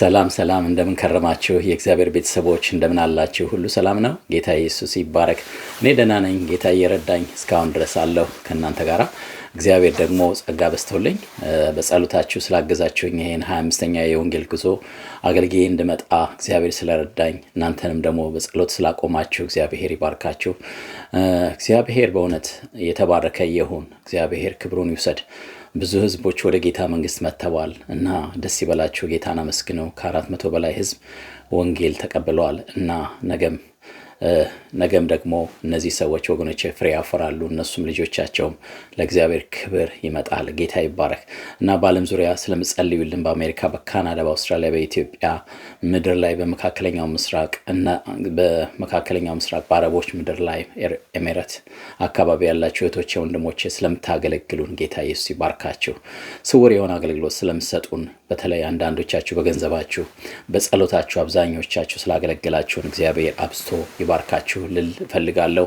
ሰላም ሰላም፣ እንደምንከረማችሁ የእግዚአብሔር ቤተሰቦች፣ እንደምን አላችሁ? ሁሉ ሰላም ነው? ጌታ ኢየሱስ ይባረክ። እኔ ደህና ነኝ። ጌታ እየረዳኝ እስካሁን ድረስ አለሁ ከእናንተ ጋር። እግዚአብሔር ደግሞ ጸጋ በስተውልኝ በጸሎታችሁ ስላገዛችሁኝ ይህን 25 አምስተኛ የወንጌል ጉዞ አገልጌ እንድመጣ እግዚአብሔር ስለረዳኝ እናንተንም ደግሞ በጸሎት ስላቆማችሁ እግዚአብሔር ይባርካችሁ። እግዚአብሔር በእውነት የተባረከ ይሁን። እግዚአብሔር ክብሩን ይውሰድ። ብዙ ህዝቦች ወደ ጌታ መንግስት መጥተዋል እና ደስ ይበላቸው፣ ጌታን አመስግነው ከአራት መቶ በላይ ህዝብ ወንጌል ተቀብለዋል እና ነገም ነገም ደግሞ እነዚህ ሰዎች ወገኖች ፍሬ ያፈራሉ፣ እነሱም ልጆቻቸውም። ለእግዚአብሔር ክብር ይመጣል። ጌታ ይባረክ እና በዓለም ዙሪያ ስለምጸልዩልን በአሜሪካ፣ በካናዳ፣ በአውስትራሊያ፣ በኢትዮጵያ ምድር ላይ በመካከለኛው ምስራቅ እና በመካከለኛው ምስራቅ በአረቦች ምድር ላይ ኤሜረት አካባቢ ያላቸው እህቶቼ ወንድሞቼ ስለምታገለግሉን ጌታ ኢየሱስ ይባርካችሁ። ስውር የሆነ አገልግሎት ስለምሰጡን በተለይ አንዳንዶቻችሁ በገንዘባችሁ በጸሎታችሁ አብዛኞቻችሁ ስላገለግላችሁን እግዚአብሔር አብስቶ ይባርካችሁ ልል ፈልጋለሁ።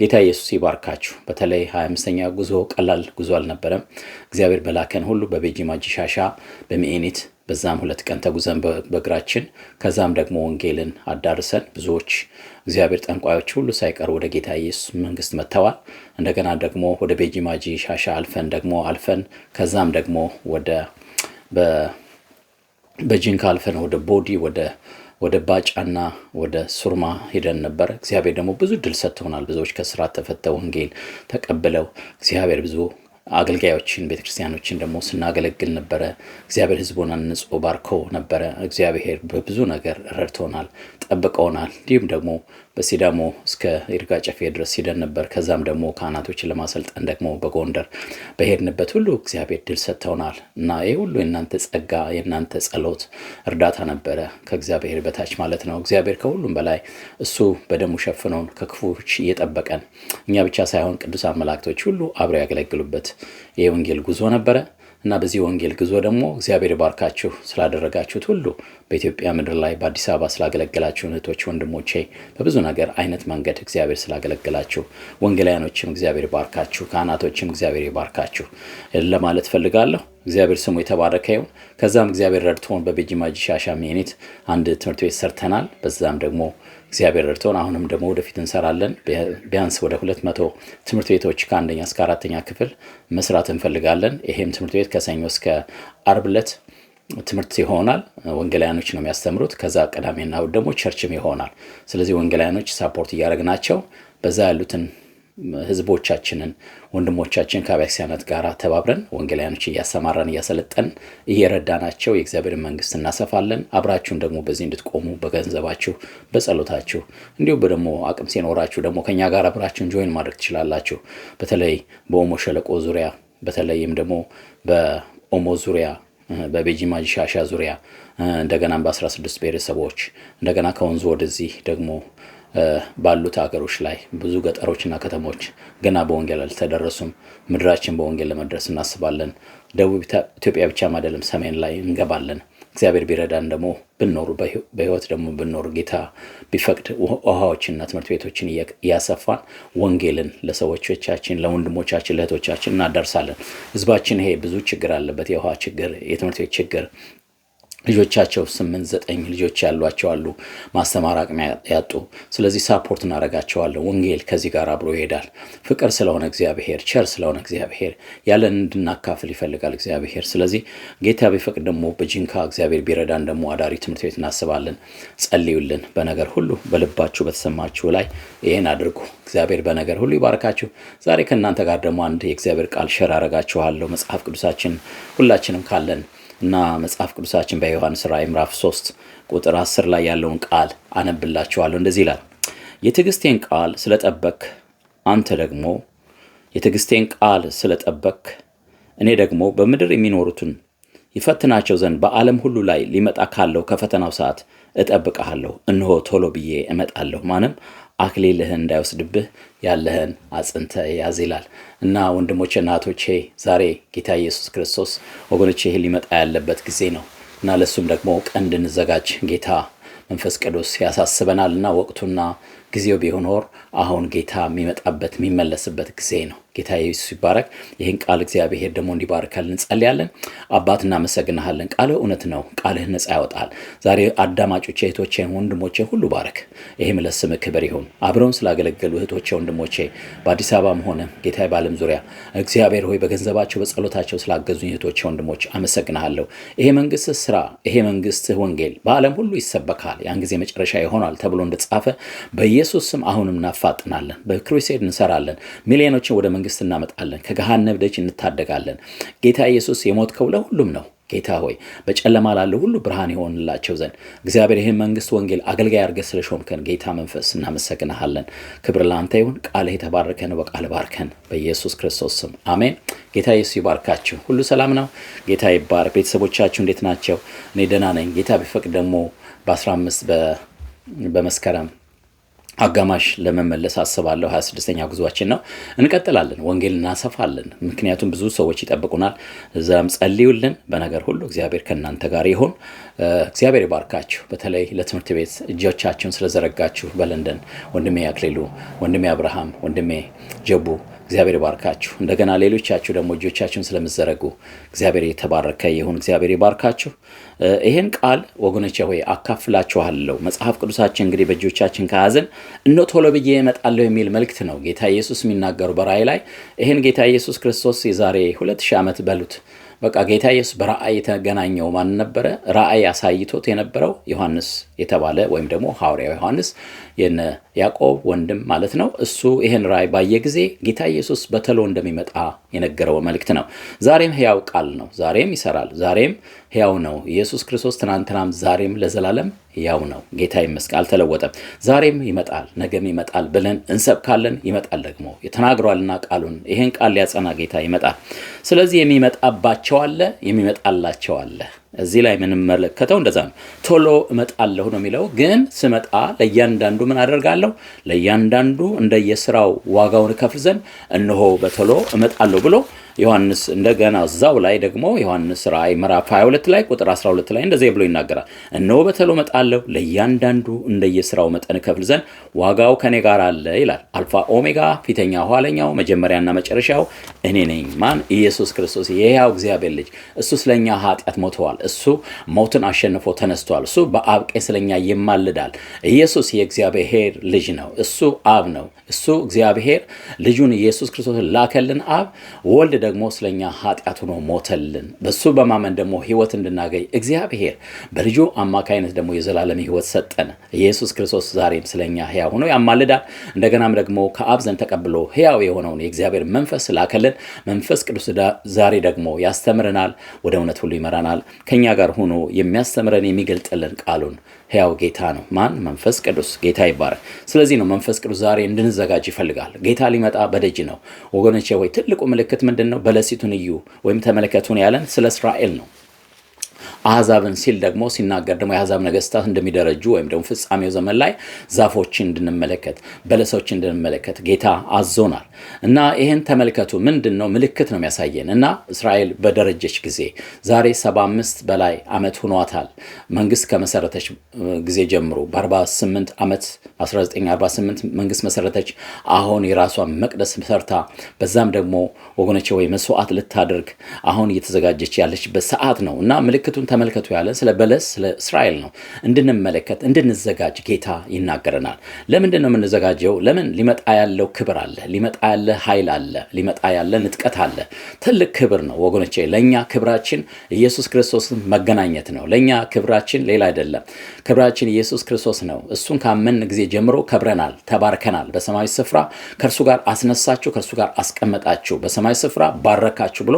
ጌታ ኢየሱስ ይባርካችሁ። በተለይ 25 አምስተኛ ጉዞ ቀላል ጉዞ አልነበረም። እግዚአብሔር በላከን ሁሉ በቤጂ ሻሻ በሚኤኒት በዛም ሁለት ቀን ተጉዘን በእግራችን ከዛም ደግሞ ወንጌልን አዳርሰን ብዙዎች እግዚአብሔር ጠንቋዮች ሁሉ ሳይቀር ወደ ጌታ ኢየሱስ መንግስት መጥተዋል። እንደገና ደግሞ ወደ ቤጂ ማጂ ሻሻ አልፈን ደግሞ አልፈን ከዛም ደግሞ ወደ በጂንካ አልፈን ወደ ቦዲ ወደ ወደ ባጫና ወደ ሱርማ ሄደን ነበር። እግዚአብሔር ደግሞ ብዙ ድል ሰጥቶናል። ብዙዎች ከስራ ተፈተው ወንጌል ተቀብለው እግዚአብሔር ብዙ አገልጋዮችን ቤተክርስቲያኖችን ደግሞ ስናገለግል ነበረ። እግዚአብሔር ሕዝቡን አንጾ ባርኮ ነበረ። እግዚአብሔር በብዙ ነገር ረድቶናል፣ ጠብቀውናል። እንዲሁም ደግሞ በሲዳሞ እስከ ይርጋ ጨፌ ድረስ ሂደን ነበር። ከዛም ደግሞ ካህናቶችን ለማሰልጠን ደግሞ በጎንደር በሄድንበት ሁሉ እግዚአብሔር ድል ሰጥተውናል እና ይህ ሁሉ የእናንተ ጸጋ፣ የእናንተ ጸሎት፣ እርዳታ ነበረ ከእግዚአብሔር በታች ማለት ነው። እግዚአብሔር ከሁሉም በላይ እሱ በደሙ ሸፍኖን ከክፉዎች እየጠበቀን እኛ ብቻ ሳይሆን ቅዱሳን መላእክቶች ሁሉ አብረው ያገለግሉበት የወንጌል ጉዞ ነበረ። እና በዚህ ወንጌል ጉዞ ደግሞ እግዚአብሔር ባርካችሁ ስላደረጋችሁት ሁሉ በኢትዮጵያ ምድር ላይ በአዲስ አበባ ስላገለገላችሁ እህቶች ወንድሞቼ፣ በብዙ ነገር አይነት መንገድ እግዚአብሔር ስላገለገላችሁ ወንጌላያኖችም እግዚአብሔር ባርካችሁ፣ ካህናቶችም እግዚአብሔር ይባርካችሁ ለማለት ፈልጋለሁ። እግዚአብሔር ስሙ የተባረከ ይሁን። ከዛም እግዚአብሔር ረድቶን በቤጂማጂ ሻሻ ሜኒት አንድ ትምህርት ቤት ሰርተናል። በዛም ደግሞ እግዚአብሔር እርቶን አሁንም ደግሞ ወደፊት እንሰራለን። ቢያንስ ወደ ሁለት መቶ ትምህርት ቤቶች ከአንደኛ እስከ አራተኛ ክፍል መስራት እንፈልጋለን። ይሄም ትምህርት ቤት ከሰኞ እስከ አርብ ዕለት ትምህርት ይሆናል። ወንጌላያኖች ነው የሚያስተምሩት። ከዛ ቅዳሜና እሑድ ደግሞ ቸርችም ይሆናል። ስለዚህ ወንጌላያኖች ሳፖርት እያደረግናቸው በዛ ያሉትን ህዝቦቻችንን ወንድሞቻችን ከአብያክሲያናት ጋር ተባብረን ወንጌላያኖች እያሰማራን እያሰለጠን እየረዳናቸው የእግዚአብሔር መንግስት እናሰፋለን። አብራችሁን ደግሞ በዚህ እንድትቆሙ በገንዘባችሁ፣ በጸሎታችሁ እንዲሁም ደግሞ አቅም ሲኖራችሁ ደግሞ ከኛ ጋር አብራችሁን ጆይን ማድረግ ትችላላችሁ። በተለይ በኦሞ ሸለቆ ዙሪያ በተለይም ደግሞ በኦሞ ዙሪያ በቤጂ ማጂሻሻ ዙሪያ እንደገና በ16 ብሔረሰቦች እንደገና ከወንዙ ወደዚህ ደግሞ ባሉት ሀገሮች ላይ ብዙ ገጠሮችና ከተሞች ገና በወንጌል አልተደረሱም። ምድራችን በወንጌል ለመድረስ እናስባለን። ደቡብ ኢትዮጵያ ብቻም አይደለም፣ ሰሜን ላይ እንገባለን። እግዚአብሔር ቢረዳን ደግሞ ብንኖሩ በህይወት ደግሞ ብንኖር ጌታ ቢፈቅድ ውሃዎችንና ትምህርት ቤቶችን እያሰፋን ወንጌልን ለሰዎቻችን፣ ለወንድሞቻችን፣ ለእህቶቻችን እናደርሳለን። ህዝባችን ይሄ ብዙ ችግር አለበት። የውሃ ችግር፣ የትምህርት ቤት ችግር ልጆቻቸው ስምንት ዘጠኝ ልጆች ያሏቸው አሉ፣ ማስተማር አቅም ያጡ። ስለዚህ ሳፖርት እናደርጋቸዋለን። ወንጌል ከዚህ ጋር አብሮ ይሄዳል። ፍቅር ስለሆነ እግዚአብሔር፣ ቸር ስለሆነ እግዚአብሔር ያለን እንድናካፍል ይፈልጋል እግዚአብሔር። ስለዚህ ጌታ ቢፈቅድ ደግሞ በጂንካ እግዚአብሔር ቢረዳን ደግሞ አዳሪ ትምህርት ቤት እናስባለን። ጸልዩልን። በነገር ሁሉ በልባችሁ በተሰማችሁ ላይ ይህን አድርጉ። እግዚአብሔር በነገር ሁሉ ይባርካችሁ። ዛሬ ከእናንተ ጋር ደግሞ አንድ የእግዚአብሔር ቃል ሸር አረጋችኋለሁ። መጽሐፍ ቅዱሳችን ሁላችንም ካለን እና መጽሐፍ ቅዱሳችን በዮሐንስ ራእይ ምዕራፍ 3 ቁጥር 10 ላይ ያለውን ቃል አነብላችኋለሁ። እንደዚህ ይላል፣ የትዕግስቴን ቃል ስለጠበክ አንተ ደግሞ የትዕግስቴን ቃል ስለጠበክ እኔ ደግሞ በምድር የሚኖሩትን ይፈትናቸው ዘንድ በዓለም ሁሉ ላይ ሊመጣ ካለው ከፈተናው ሰዓት እጠብቀሃለሁ። እነሆ ቶሎ ብዬ እመጣለሁ። ማንም አክሊልህን እንዳይወስድብህ ያለህን አጽንተ ያዝ ይላል እና ወንድሞቼ እናቶቼ፣ ዛሬ ጌታ ኢየሱስ ክርስቶስ ወገኖች ይህ ሊመጣ ያለበት ጊዜ ነው እና ለሱም ደግሞ ቀን እንድንዘጋጅ ጌታ መንፈስ ቅዱስ ያሳስበናል እና ወቅቱና ጊዜው ቢሆን ኖር አሁን ጌታ የሚመጣበት የሚመለስበት ጊዜ ነው ጌታ ኢየሱስ ይባረክ። ይህን ቃል እግዚአብሔር ደግሞ እንዲባርከልን እንጸልያለን። አባት እናመሰግናሃለን። ቃልህ እውነት ነው። ቃልህ ነጻ ያወጣል። ዛሬ አዳማጮቼ፣ እህቶቼን፣ ወንድሞቼ ሁሉ ባረክ። ይህም ለስምህ ክብር ይሁን። አብረውን ስላገለገሉ እህቶቼ፣ ወንድሞቼ በአዲስ አበባም ሆነ ጌታ በዓለም ዙሪያ እግዚአብሔር ሆይ በገንዘባቸው በጸሎታቸው ስላገዙኝ እህቶቼ፣ ወንድሞች አመሰግናሃለሁ። ይሄ መንግስት ስራ ይሄ መንግስት ወንጌል በዓለም ሁሉ ይሰበካል፣ ያን ጊዜ መጨረሻ ይሆናል ተብሎ እንደጻፈ በኢየሱስ ስም አሁንም እናፋጥናለን። በክሩሴድ እንሰራለን። ሚሊዮኖችን ወደ መንግስት እናመጣለን፣ ከገሃነብ ደጅ እንታደጋለን። ጌታ ኢየሱስ የሞትከው ለሁሉም ነው። ጌታ ሆይ በጨለማ ላለ ሁሉ ብርሃን የሆንላቸው ዘንድ እግዚአብሔር ይህን መንግስት ወንጌል አገልጋይ አድርገህ ስለሾምከን ጌታ መንፈስ እናመሰግንሃለን። ክብር ለአንተ ይሁን። ቃልህ የተባረከን በቃል ባርከን፣ በኢየሱስ ክርስቶስ ስም አሜን። ጌታ ኢየሱስ ይባርካችሁ። ሁሉ ሰላም ነው። ጌታ ይባር። ቤተሰቦቻችሁ እንዴት ናቸው? እኔ ደህና ነኝ። ጌታ ቢፈቅድ ደግሞ በ15 በመስከረም አጋማሽ ለመመለስ አስባለሁ። 26ኛ ጉዞችን ነው። እንቀጥላለን፣ ወንጌል እናሰፋለን። ምክንያቱም ብዙ ሰዎች ይጠብቁናል። እዛም ጸልዩልን። በነገር ሁሉ እግዚአብሔር ከእናንተ ጋር ይሁን። እግዚአብሔር ይባርካችሁ። በተለይ ለትምህርት ቤት እጆቻችሁን ስለዘረጋችሁ በለንደን ወንድሜ አክሊሉ፣ ወንድሜ አብርሃም፣ ወንድሜ ጀቡ እግዚአብሔር ይባርካችሁ። እንደገና ሌሎቻችሁ ደግሞ እጆቻችሁን ስለምዘረጉ እግዚአብሔር የተባረከ ይሁን። እግዚአብሔር ይባርካችሁ። ይህን ቃል ወገኖቼ ሆይ አካፍላችኋለሁ። መጽሐፍ ቅዱሳችን እንግዲህ በእጆቻችን ከያዘን እነ ቶሎ ብዬ እመጣለሁ የሚል መልእክት ነው ጌታ ኢየሱስ የሚናገሩ በራእይ ላይ ይህን ጌታ ኢየሱስ ክርስቶስ የዛሬ ሁለት ዓመት በሉት በቃ ጌታ ኢየሱስ በራእይ የተገናኘው ማን ነበረ? ራእይ አሳይቶት የነበረው ዮሐንስ የተባለ ወይም ደግሞ ሐዋርያው ዮሐንስ የነ ያዕቆብ ወንድም ማለት ነው። እሱ ይህን ራእይ ባየ ጊዜ ጌታ ኢየሱስ በተሎ እንደሚመጣ የነገረው መልእክት ነው። ዛሬም ሕያው ቃል ነው። ዛሬም ይሰራል። ዛሬም ሕያው ነው። ኢየሱስ ክርስቶስ ትናንትናም ዛሬም ለዘላለም ያው ነው። ጌታ ይመስገን፣ አልተለወጠም። ዛሬም ይመጣል፣ ነገም ይመጣል ብለን እንሰብካለን። ይመጣል ደግሞ የተናግሯልና ቃሉን ይህን ቃል ሊያጸና ጌታ ይመጣል። ስለዚህ የሚመጣባቸው አለ፣ የሚመጣላቸው አለ። እዚህ ላይ የምንመለከተው እንደዛ ነው። ቶሎ እመጣለሁ ነው የሚለው። ግን ስመጣ ለእያንዳንዱ ምን አደርጋለሁ? ለእያንዳንዱ እንደየስራው ዋጋውን ከፍል ዘንድ እነሆ በቶሎ እመጣለሁ ብሎ ዮሐንስ እንደገና እዛው ላይ ደግሞ ዮሐንስ ራእይ ምዕራፍ 22 ላይ ቁጥር 12 ላይ እንደዚህ ብሎ ይናገራል። እነሆ በተሎ እመጣለሁ፣ ለእያንዳንዱ እንደየስራው መጠን እከፍል ዘንድ ዋጋው ከኔ ጋር አለ ይላል። አልፋ ኦሜጋ፣ ፊተኛ ኋለኛው፣ መጀመሪያና መጨረሻው እኔ ነኝ። ማን? ኢየሱስ ክርስቶስ የሕያው እግዚአብሔር ልጅ። እሱ ስለኛ ኃጢአት ሞተዋል። እሱ ሞትን አሸንፎ ተነስቷል። እሱ በአብ ቀኝ ስለኛ ይማልዳል። ኢየሱስ የእግዚአብሔር ልጅ ነው። እሱ አብ ነው። እሱ እግዚአብሔር ልጁን ኢየሱስ ክርስቶስን ላከልን። አብ ወልድ ደግሞ ስለኛ ኃጢአት ሆኖ ሞተልን። በሱ በማመን ደግሞ ህይወት እንድናገኝ እግዚአብሔር በልጁ አማካይነት ደግሞ የዘላለም ህይወት ሰጠን። ኢየሱስ ክርስቶስ ዛሬም ስለኛ ህያው ሆኖ ያማልዳል። እንደገናም ደግሞ ከአብ ዘንድ ተቀብሎ ህያው የሆነውን የእግዚአብሔር መንፈስ ስላከልን መንፈስ ቅዱስ ዛሬ ደግሞ ያስተምረናል፣ ወደ እውነት ሁሉ ይመራናል። ከእኛ ጋር ሆኖ የሚያስተምረን የሚገልጥልን ቃሉን ያው ጌታ ነው። ማን? መንፈስ ቅዱስ። ጌታ ይባረክ። ስለዚህ ነው መንፈስ ቅዱስ ዛሬ እንድንዘጋጅ ይፈልጋል። ጌታ ሊመጣ በደጅ ነው ወገኖቼ። ወይ ትልቁ ምልክት ምንድን ነው? በለሲቱን እዩ ወይም ተመለከቱን ያለን ስለ እስራኤል ነው። አህዛብን ሲል ደግሞ ሲናገር ደግሞ የአህዛብ ነገስታት እንደሚደረጁ ወይም ደግሞ ፍጻሜው ዘመን ላይ ዛፎችን እንድንመለከት በለሶችን እንድንመለከት ጌታ አዞናል እና ይህን ተመልከቱ። ምንድን ነው ምልክት ነው የሚያሳየን እና እስራኤል በደረጀች ጊዜ ዛሬ 75 በላይ ዓመት ሁኗታል። መንግስት ከመሰረተች ጊዜ ጀምሮ በ48 ዓመት 1948 መንግስት መሰረተች። አሁን የራሷን መቅደስ ሰርታ በዛም ደግሞ ወገኖቼ ወይ መስዋዕት ልታደርግ አሁን እየተዘጋጀች ያለችበት ሰዓት ነው እና ምልክቱን ተመልከቱ ያለን ስለ በለስ ስለ እስራኤል ነው። እንድንመለከት እንድንዘጋጅ ጌታ ይናገረናል። ለምንድን ነው የምንዘጋጀው? ለምን ሊመጣ ያለው ክብር አለ፣ ሊመጣ ያለ ኃይል አለ፣ ሊመጣ ያለ ንጥቀት አለ። ትልቅ ክብር ነው ወገኖቼ። ለእኛ ክብራችን ኢየሱስ ክርስቶስን መገናኘት ነው። ለእኛ ክብራችን ሌላ አይደለም። ክብራችን ኢየሱስ ክርስቶስ ነው። እሱን ካመን ጊዜ ጀምሮ ከብረናል፣ ተባርከናል። በሰማዊ ስፍራ ከእርሱ ጋር አስነሳችሁ፣ ከእርሱ ጋር አስቀመጣችሁ፣ በሰማያዊ ስፍራ ባረካችሁ ብሎ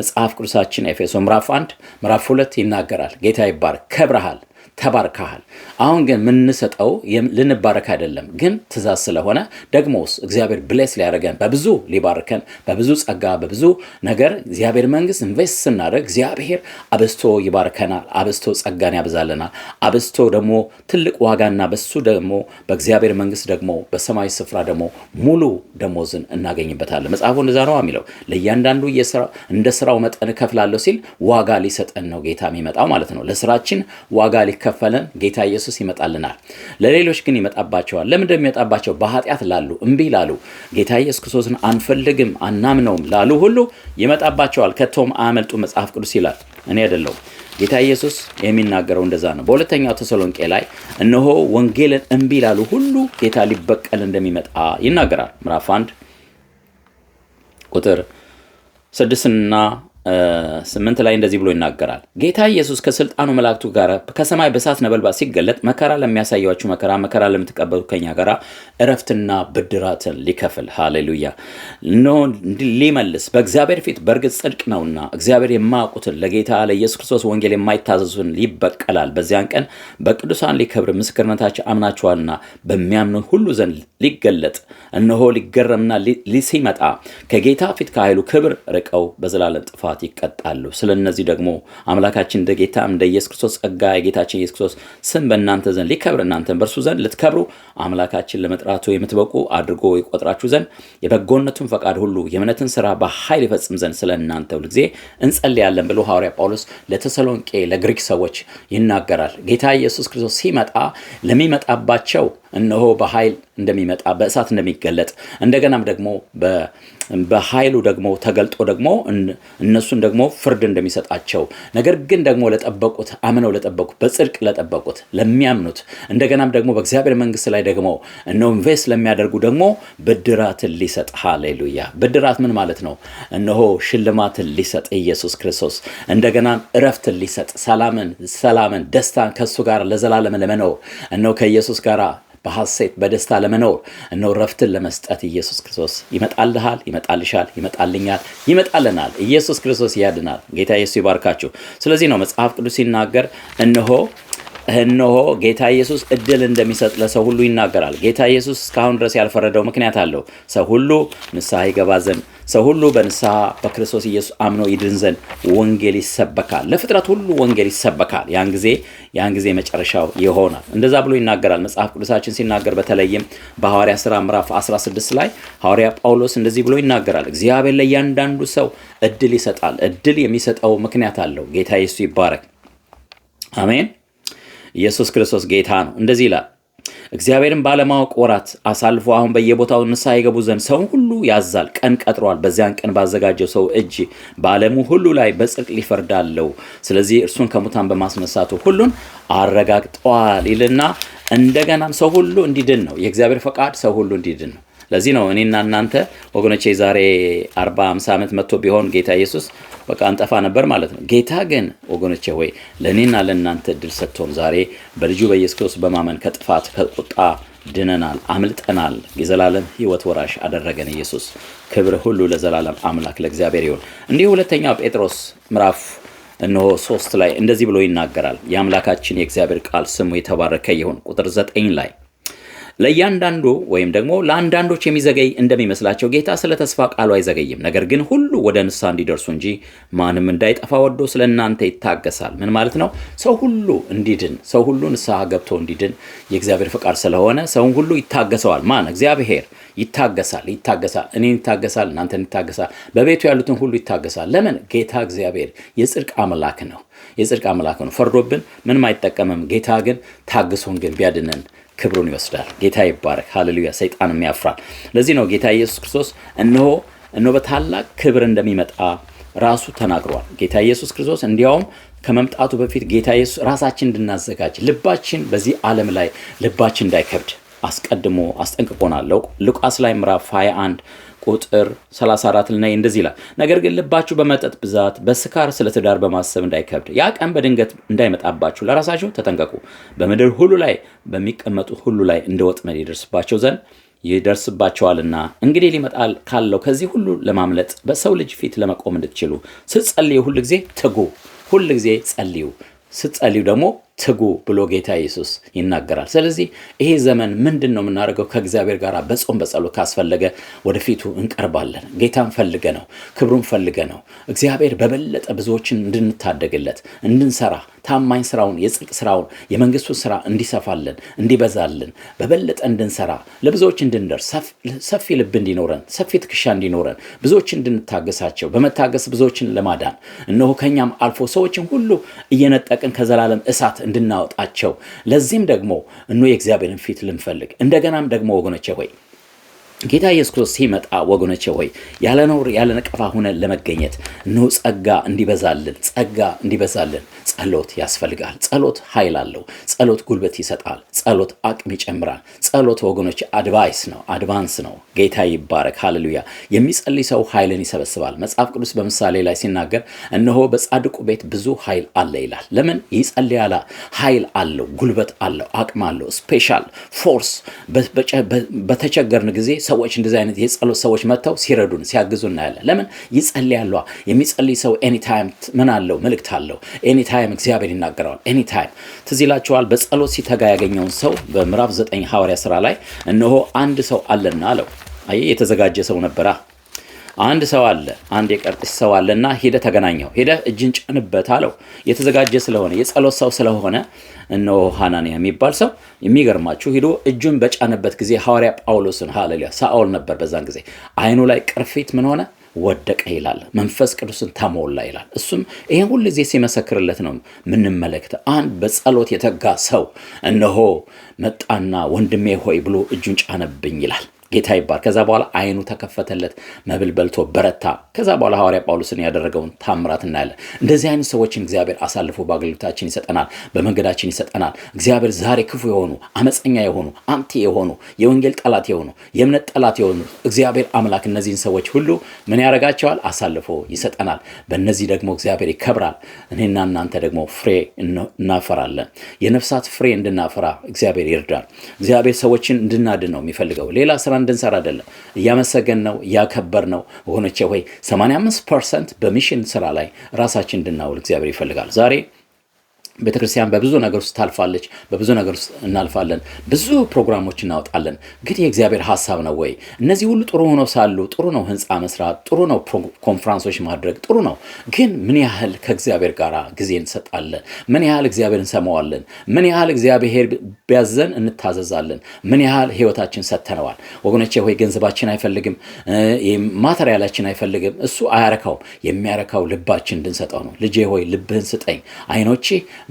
መጽሐፍ ቅዱሳችን ኤፌሶ ምዕራፍ 1 ምዕራፍ 2 ይናገራል። ጌታ ይባረክ። ከብርሃል ተባርካሃል። አሁን ግን የምንሰጠው ልንባረክ አይደለም፣ ግን ትእዛዝ ስለሆነ ደግሞስ እግዚአብሔር ብሌስ ሊያደርገን በብዙ ሊባርከን በብዙ ጸጋ በብዙ ነገር እግዚአብሔር መንግስት ኢንቨስት ስናደርግ እግዚአብሔር አብስቶ ይባርከናል፣ አብስቶ ጸጋን ያብዛልናል፣ አብስቶ ደግሞ ትልቅ ዋጋና በሱ ደግሞ በእግዚአብሔር መንግስት ደግሞ በሰማይ ስፍራ ደግሞ ሙሉ ደሞዝን እናገኝበታለን። መጽሐፉ እንደዛ ነው የሚለው ለእያንዳንዱ እንደ ስራው መጠን እከፍላለሁ ሲል ዋጋ ሊሰጠን ነው ጌታ የሚመጣው ማለት ነው። ለስራችን ዋጋ ሊከፍ ከከፈለ ጌታ ኢየሱስ ይመጣልናል። ለሌሎች ግን ይመጣባቸዋል። ለምን እንደሚመጣባቸው በኃጢአት ላሉ፣ እምቢ ላሉ፣ ጌታ ኢየሱስ ክርስቶስን አንፈልግም አናምነውም ላሉ ሁሉ ይመጣባቸዋል፣ ከቶም አያመልጡ መጽሐፍ ቅዱስ ይላል። እኔ አይደለሁም። ጌታ ኢየሱስ የሚናገረው እንደዛ ነው። በሁለተኛው ተሰሎንቄ ላይ እነሆ ወንጌልን እምቢ ላሉ ሁሉ ጌታ ሊበቀል እንደሚመጣ ይናገራል። ምዕራፍ አንድ ቁጥር ስድስትና ስምንት ላይ እንደዚህ ብሎ ይናገራል። ጌታ ኢየሱስ ከስልጣኑ መላእክቱ ጋር ከሰማይ በእሳት ነበልባ ሲገለጥ መከራ ለሚያሳያችሁ መከራ መከራ ለምትቀበሉ ከኛ ጋር እረፍትና ብድራትን ሊከፍል ሃሌሉያ ኖ ሊመልስ በእግዚአብሔር ፊት በእርግጥ ጽድቅ ነውና እግዚአብሔር የማያውቁትን ለጌታ ለኢየሱስ ክርስቶስ ወንጌል የማይታዘዙን ይበቀላል። በዚያን ቀን በቅዱሳን ሊከብር ምስክርነታቸው አምናችኋልና በሚያምኑ ሁሉ ዘንድ ሊገለጥ እነሆ ሊገረምና ሲመጣ ከጌታ ፊት ከኃይሉ ክብር ርቀው በዘላለም ጥፋ መስዋዕት ይቀጣሉ። ስለ እነዚህ ደግሞ አምላካችን እንደ ጌታ እንደ ኢየሱስ ክርስቶስ ጸጋ የጌታችን ኢየሱስ ክርስቶስ ስም በእናንተ ዘንድ ሊከብር እናንተን በእርሱ ዘንድ ልትከብሩ አምላካችን ለመጥራቱ የምትበቁ አድርጎ ይቆጥራችሁ ዘንድ የበጎነቱን ፈቃድ ሁሉ የእምነትን ስራ በኃይል ይፈጽም ዘንድ ስለ እናንተ ጊዜ እንጸልያለን ብሎ ሐዋርያ ጳውሎስ ለተሰሎንቄ ለግሪክ ሰዎች ይናገራል። ጌታ ኢየሱስ ክርስቶስ ሲመጣ ለሚመጣባቸው እነሆ በኃይል እንደሚመጣ በእሳት እንደሚገለጥ እንደገናም ደግሞ በኃይሉ ደግሞ ተገልጦ ደግሞ እነሱን ደግሞ ፍርድ እንደሚሰጣቸው ነገር ግን ደግሞ ለጠበቁት አምነው ለጠበቁት በጽድቅ ለጠበቁት ለሚያምኑት እንደገናም ደግሞ በእግዚአብሔር መንግስት ላይ ደግሞ እነሆ ኢንቨስት ለሚያደርጉ ደግሞ ብድራትን ሊሰጥ ሃሌሉያ ብድራት ምን ማለት ነው እነሆ ሽልማትን ሊሰጥ ኢየሱስ ክርስቶስ እንደገና እረፍትን ሊሰጥ ሰላምን ሰላምን ደስታን ከእሱ ጋር ለዘላለም ለመነው እነሆ ከኢየሱስ ጋር በሐሴት በደስታ ለመኖር እነሆ ረፍትን ለመስጠት ኢየሱስ ክርስቶስ ይመጣልሃል፣ ይመጣልሻል፣ ይመጣልኛል፣ ይመጣልናል። ኢየሱስ ክርስቶስ ያድናል። ጌታ ኢየሱስ ይባርካችሁ። ስለዚህ ነው መጽሐፍ ቅዱስ ሲናገር እነሆ እነሆ ጌታ ኢየሱስ እድል እንደሚሰጥ ለሰው ሁሉ ይናገራል። ጌታ ኢየሱስ እስካሁን ድረስ ያልፈረደው ምክንያት አለው። ሰው ሁሉ ንስሐ ይገባ ዘንድ ሰው ሁሉ በንስሐ በክርስቶስ ኢየሱስ አምኖ ይድን ዘንድ ወንጌል ይሰበካል። ለፍጥረት ሁሉ ወንጌል ይሰበካል። ያን ጊዜ ያን ጊዜ መጨረሻው ይሆናል። እንደዛ ብሎ ይናገራል መጽሐፍ ቅዱሳችን ሲናገር፣ በተለይም በሐዋርያ ሥራ ምዕራፍ 16 ላይ ሐዋርያ ጳውሎስ እንደዚህ ብሎ ይናገራል። እግዚአብሔር ለእያንዳንዱ ሰው እድል ይሰጣል። እድል የሚሰጠው ምክንያት አለው። ጌታ ኢየሱስ ይባረክ። አሜን። ኢየሱስ ክርስቶስ ጌታ ነው። እንደዚህ ይላል እግዚአብሔርን ባለማወቅ ወራት አሳልፎ አሁን በየቦታው ንስሐ የገቡ ዘንድ ሰውን ሁሉ ያዛል። ቀን ቀጥሯል፣ በዚያን ቀን ባዘጋጀው ሰው እጅ በዓለሙ ሁሉ ላይ በጽድቅ ሊፈርዳለው። ስለዚህ እርሱን ከሙታን በማስነሳቱ ሁሉን አረጋግጠዋል ይልና እንደገናም ሰው ሁሉ እንዲድን ነው የእግዚአብሔር ፈቃድ፣ ሰው ሁሉ እንዲድን ነው። ለዚህ ነው እኔና እናንተ ወገኖቼ ዛሬ 40 50 ዓመት መጥቶ ቢሆን ጌታ ኢየሱስ በቃ እንጠፋ ነበር ማለት ነው። ጌታ ግን ወገኖቼ ሆይ ለእኔና ለእናንተ እድል ሰጥቶን ዛሬ በልጁ በኢየሱስ ክርስቶስ በማመን ከጥፋት ከቁጣ ድነናል፣ አምልጠናል። የዘላለም ሕይወት ወራሽ አደረገን ኢየሱስ። ክብር ሁሉ ለዘላለም አምላክ ለእግዚአብሔር ይሁን። እንዲህ ሁለተኛው ጴጥሮስ ምዕራፍ እነሆ ሶስት ላይ እንደዚህ ብሎ ይናገራል። የአምላካችን የእግዚአብሔር ቃል ስሙ የተባረከ ይሁን። ቁጥር ዘጠኝ ላይ ለእያንዳንዱ ወይም ደግሞ ለአንዳንዶች የሚዘገይ እንደሚመስላቸው ጌታ ስለ ተስፋ ቃሉ አይዘገይም፣ ነገር ግን ሁሉ ወደ ንስሐ እንዲደርሱ እንጂ ማንም እንዳይጠፋ ወዶ ስለ እናንተ ይታገሳል። ምን ማለት ነው? ሰው ሁሉ እንዲድን፣ ሰው ሁሉ ንስሐ ገብቶ እንዲድን የእግዚአብሔር ፍቃድ ስለሆነ ሰውን ሁሉ ይታገሰዋል። ማን? እግዚአብሔር ይታገሳል። ይታገሳል፣ እኔን ይታገሳል፣ እናንተን ይታገሳል፣ በቤቱ ያሉትን ሁሉ ይታገሳል። ለምን? ጌታ እግዚአብሔር የጽድቅ አምላክ ነው። የጽድቅ አምላክ ነው። ፈርዶብን ምንም አይጠቀምም። ጌታ ግን ታግሶን ግን ቢያድነን ክብሩን ይወስዳል። ጌታ ይባረክ። ሃሌሉያ። ሰይጣንም ያፍራል። ለዚህ ነው ጌታ ኢየሱስ ክርስቶስ እነሆ እነሆ በታላቅ ክብር እንደሚመጣ ራሱ ተናግሯል። ጌታ ኢየሱስ ክርስቶስ እንዲያውም ከመምጣቱ በፊት ጌታ ኢየሱስ ራሳችን እንድናዘጋጅ ልባችን በዚህ ዓለም ላይ ልባችን እንዳይከብድ አስቀድሞ አስጠንቅቆናል። ሉቃስ ላይ ምዕራፍ 21 ቁጥር 34 ልናይ እንደዚህ ይላል፣ ነገር ግን ልባችሁ በመጠጥ ብዛት፣ በስካር ስለ ትዳር በማሰብ እንዳይከብድ፣ ያ ቀን በድንገት እንዳይመጣባችሁ ለራሳችሁ ተጠንቀቁ። በምድር ሁሉ ላይ በሚቀመጡ ሁሉ ላይ እንደ ወጥመድ ይደርስባቸው ዘንድ ይደርስባቸዋልና። እንግዲህ ሊመጣል ካለው ከዚህ ሁሉ ለማምለጥ በሰው ልጅ ፊት ለመቆም እንድትችሉ ስትጸልዩ ሁል ጊዜ ትጉ፣ ሁል ጊዜ ጸልዩ። ስትጸልዩ ደግሞ ትጉ ብሎ ጌታ ኢየሱስ ይናገራል። ስለዚህ ይሄ ዘመን ምንድን ነው የምናደርገው? ከእግዚአብሔር ጋር በጾም በጸሎት ካስፈለገ ወደፊቱ እንቀርባለን። ጌታን ፈልገ ነው፣ ክብሩን ፈልገ ነው። እግዚአብሔር በበለጠ ብዙዎችን እንድንታደግለት እንድንሰራ ታማኝ ስራውን የጽድቅ ስራውን የመንግስቱን ስራ እንዲሰፋልን እንዲበዛልን በበለጠ እንድንሰራ ለብዙዎች እንድንደርስ ሰፊ ልብ እንዲኖረን ሰፊ ትከሻ እንዲኖረን ብዙዎች እንድንታገሳቸው በመታገስ ብዙዎችን ለማዳን እነሆ ከኛም አልፎ ሰዎችን ሁሉ እየነጠቅን ከዘላለም እሳት እንድናወጣቸው ለዚህም ደግሞ እኖ የእግዚአብሔርን ፊት ልንፈልግ እንደገናም ደግሞ ወገኖቼ ሆይ ጌታ ኢየሱስ ክርስቶስ ሲመጣ ወገኖቼ ሆይ ያለ ነውር ያለ ነቀፋ ሆነ ለመገኘት ነው። ጸጋ እንዲበዛልን ጸጋ እንዲበዛልን ጸሎት ያስፈልጋል። ጸሎት ኃይል አለው። ጸሎት ጉልበት ይሰጣል። ጸሎት አቅም ይጨምራል። ጸሎት ወገኖች አድቫይስ ነው፣ አድቫንስ ነው። ጌታ ይባረክ። ሃሌሉያ። የሚጸልይ ሰው ኃይልን ይሰበስባል። መጽሐፍ ቅዱስ በምሳሌ ላይ ሲናገር እነሆ በጻድቁ ቤት ብዙ ኃይል አለ ይላል። ለምን ይጸልያላ? ኃይል አለው፣ ጉልበት አለው፣ አቅም አለው። ስፔሻል ፎርስ በተቸገርን ጊዜ ሰዎች እንደዚህ አይነት የጸሎት ሰዎች መጥተው ሲረዱን ሲያግዙ እናያለን። ለምን ይጸልያሉ። የሚጸልይ ሰው ኤኒታይም ምን አለው ምልክት አለው። ኤኒታይም እግዚአብሔር ይናገረዋል። ኤኒታይም ትዝ በጸሎት ሲተጋ ያገኘውን ሰው በምዕራፍ ዘጠኝ ሐዋርያ ስራ ላይ እነሆ አንድ ሰው አለና አለው። አይ የተዘጋጀ ሰው ነበራ አንድ ሰው አለ፣ አንድ የቀርጢስ ሰው እና ሄደ ተገናኘው። ሄደ እጅን ጭንበት አለው። የተዘጋጀ ስለሆነ የጸሎት ሰው ስለሆነ እነሆ ሃናንያ የሚባል ሰው የሚገርማችሁ ሄዶ እጁን በጫነበት ጊዜ ሐዋርያ ጳውሎስን ሃሌሉያ ሳኦል ነበር በዛን ጊዜ አይኑ ላይ ቅርፊት ምን ሆነ ወደቀ ይላል። መንፈስ ቅዱስን ተሞላ ይላል። እሱም ይህን ሁሉ ጊዜ ሲመሰክርለት ነው የምንመለከተው። አንድ በጸሎት የተጋ ሰው እነሆ መጣና ወንድሜ ሆይ ብሎ እጁን ጫነብኝ ይላል። ጌታ ይባል። ከዛ በኋላ አይኑ ተከፈተለት፣ መብል በልቶ በረታ። ከዛ በኋላ ሐዋርያ ጳውሎስን ያደረገውን ታምራት እናያለን። እንደዚህ አይነት ሰዎችን እግዚአብሔር አሳልፎ በአገልግሎታችን ይሰጠናል፣ በመንገዳችን ይሰጠናል። እግዚአብሔር ዛሬ ክፉ የሆኑ አመፀኛ የሆኑ አምቴ የሆኑ የወንጌል ጠላት የሆኑ የእምነት ጠላት የሆኑ እግዚአብሔር አምላክ እነዚህን ሰዎች ሁሉ ምን ያደርጋቸዋል? አሳልፎ ይሰጠናል። በእነዚህ ደግሞ እግዚአብሔር ይከብራል። እኔና እናንተ ደግሞ ፍሬ እናፈራለን። የነፍሳት ፍሬ እንድናፈራ እግዚአብሔር ይርዳል። እግዚአብሔር ሰዎችን እንድናድን ነው የሚፈልገው ሌላ ስራ እንድንሰራ አይደለም። እያመሰገን ነው እያከበር ነው ወገኖቼ። ወይ 85 ፐርሰንት በሚሽን ስራ ላይ ራሳችን እንድናውል እግዚአብሔር ይፈልጋል ዛሬ ቤተክርስቲያን በብዙ ነገር ውስጥ ታልፋለች፣ በብዙ ነገር ውስጥ እናልፋለን፣ ብዙ ፕሮግራሞች እናወጣለን። ግን የእግዚአብሔር ሀሳብ ነው ወይ? እነዚህ ሁሉ ጥሩ ሆነው ሳሉ ጥሩ ነው ህንፃ መስራት፣ ጥሩ ነው ኮንፍራንሶች ማድረግ፣ ጥሩ ነው። ግን ምን ያህል ከእግዚአብሔር ጋር ጊዜ እንሰጣለን? ምን ያህል እግዚአብሔር እንሰማዋለን? ምን ያህል እግዚአብሔር ቢያዘን እንታዘዛለን? ምን ያህል ህይወታችን ሰጥተነዋል? ወገኖቼ ሆይ ገንዘባችን አይፈልግም፣ ማተሪያላችን አይፈልግም። እሱ አያረካውም። የሚያረካው ልባችን እንድንሰጠው ነው። ልጄ ሆይ ልብህን ስጠኝ፣ አይኖቼ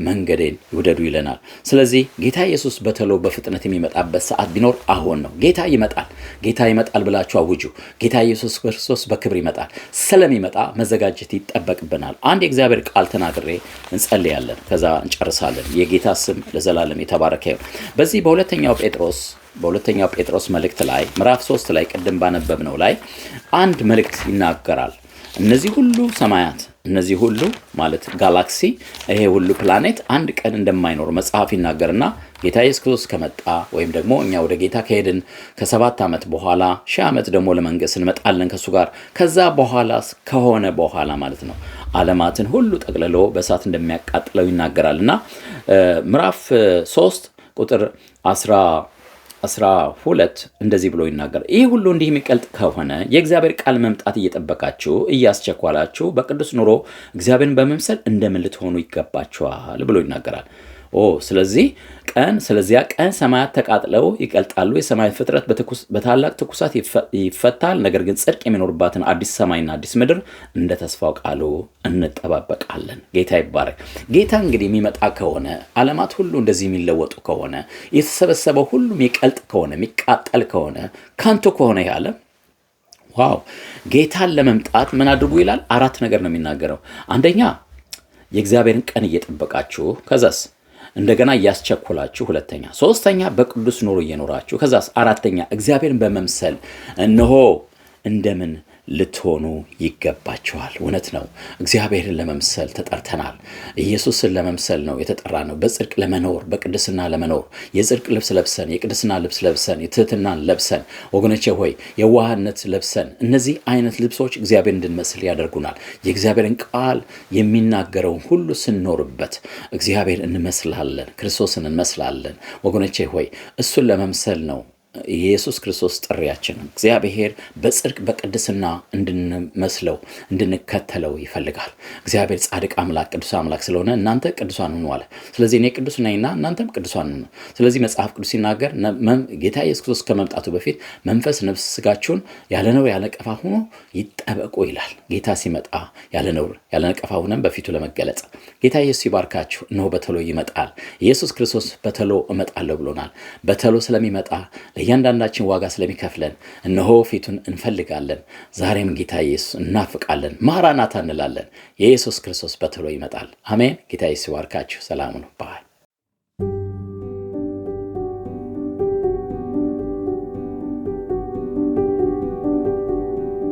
መንገዴን ይውደዱ ይለናል። ስለዚህ ጌታ ኢየሱስ በተሎ በፍጥነት የሚመጣበት ሰዓት ቢኖር አሁን ነው። ጌታ ይመጣል፣ ጌታ ይመጣል ብላችሁ አውጁ። ጌታ ኢየሱስ ክርስቶስ በክብር ይመጣል። ስለሚመጣ መዘጋጀት ይጠበቅብናል። አንድ የእግዚአብሔር ቃል ተናግሬ እንጸልያለን፣ ከዛ እንጨርሳለን። የጌታ ስም ለዘላለም የተባረከ ይሁን። በዚህ በሁለተኛው ጴጥሮስ በሁለተኛው ጴጥሮስ መልእክት ላይ ምዕራፍ ሶስት ላይ ቅድም ባነበብነው ላይ አንድ መልእክት ይናገራል። እነዚህ ሁሉ ሰማያት እነዚህ ሁሉ ማለት ጋላክሲ ይሄ ሁሉ ፕላኔት አንድ ቀን እንደማይኖር መጽሐፍ ይናገርና ጌታ ኢየሱስ ክርስቶስ ከመጣ ወይም ደግሞ እኛ ወደ ጌታ ከሄድን ከሰባት ዓመት በኋላ ሺህ ዓመት ደግሞ ለመንገስ እንመጣለን ከእሱ ጋር። ከዛ በኋላ ከሆነ በኋላ ማለት ነው ዓለማትን ሁሉ ጠቅልሎ በእሳት እንደሚያቃጥለው ይናገራል እና ምዕራፍ ሶስት ቁጥር ። አስራ ሁለት እንደዚህ ብሎ ይናገራል። ይህ ሁሉ እንዲህ የሚቀልጥ ከሆነ የእግዚአብሔር ቃል መምጣት እየጠበቃችሁ እያስቸኳላችሁ በቅዱስ ኑሮ እግዚአብሔርን በመምሰል እንደምን ልትሆኑ ይገባችኋል ብሎ ይናገራል። ኦ ስለዚህ ቀን ስለዚያ ቀን ሰማያት ተቃጥለው ይቀልጣሉ፣ የሰማይ ፍጥረት በታላቅ ትኩሳት ይፈታል። ነገር ግን ጽድቅ የሚኖርባትን አዲስ ሰማይና አዲስ ምድር እንደ ተስፋው ቃሉ እንጠባበቃለን። ጌታ ይባረክ። ጌታ እንግዲህ የሚመጣ ከሆነ ዓለማት ሁሉ እንደዚህ የሚለወጡ ከሆነ የተሰበሰበው ሁሉ የሚቀልጥ ከሆነ የሚቃጠል ከሆነ ከንቱ ከሆነ ያለ ዋው ጌታን ለመምጣት ምን አድርጉ ይላል? አራት ነገር ነው የሚናገረው። አንደኛ የእግዚአብሔርን ቀን እየጠበቃችሁ ከዛስ እንደገና እያስቸኩላችሁ ሁለተኛ ሶስተኛ በቅዱስ ኑሮ እየኖራችሁ ከዛስ አራተኛ እግዚአብሔርን በመምሰል እነሆ እንደምን ልትሆኑ ይገባችኋል። እውነት ነው። እግዚአብሔርን ለመምሰል ተጠርተናል። ኢየሱስን ለመምሰል ነው የተጠራ ነው። በጽድቅ ለመኖር በቅድስና ለመኖር የጽድቅ ልብስ ለብሰን የቅድስና ልብስ ለብሰን የትህትናን ለብሰን ወገኖቼ ሆይ የዋህነት ለብሰን እነዚህ አይነት ልብሶች እግዚአብሔር እንድንመስል ያደርጉናል። የእግዚአብሔርን ቃል የሚናገረውን ሁሉ ስንኖርበት እግዚአብሔር እንመስላለን፣ ክርስቶስን እንመስላለን። ወገኖቼ ሆይ እሱን ለመምሰል ነው የኢየሱስ ክርስቶስ ጥሪያችን እግዚአብሔር በጽድቅ በቅድስና እንድንመስለው እንድንከተለው ይፈልጋል። እግዚአብሔር ጻድቅ አምላክ ቅዱስ አምላክ ስለሆነ እናንተ ቅዱሳን ሁኑ አለ። ስለዚህ እኔ ቅዱስ ነኝና እናንተም ቅዱሳን ሁኑ። ስለዚህ መጽሐፍ ቅዱስ ሲናገር ጌታ ኢየሱስ ክርስቶስ ከመምጣቱ በፊት መንፈስ፣ ነፍስ፣ ስጋችሁን ያለ ነውር ያለ ነቀፋ ሁኖ ይጠበቁ ይላል። ጌታ ሲመጣ ያለ ነውር ያለ ነቀፋ ሁነን በፊቱ ለመገለጽ ጌታ ኢየሱስ ይባርካችሁ። እነሆ በተሎ ይመጣል። ኢየሱስ ክርስቶስ በተሎ እመጣለሁ ብሎናል። በተሎ ስለሚመጣ ለእያንዳንዳችን ዋጋ ስለሚከፍለን እነሆ ፊቱን እንፈልጋለን። ዛሬም ጌታ ኢየሱስ እናፍቃለን። ማራናታ እንላለን። የኢየሱስ ክርስቶስ በቶሎ ይመጣል። አሜን። ጌታ ኢየሱስ ይባርካችሁ። ሰላም ነው።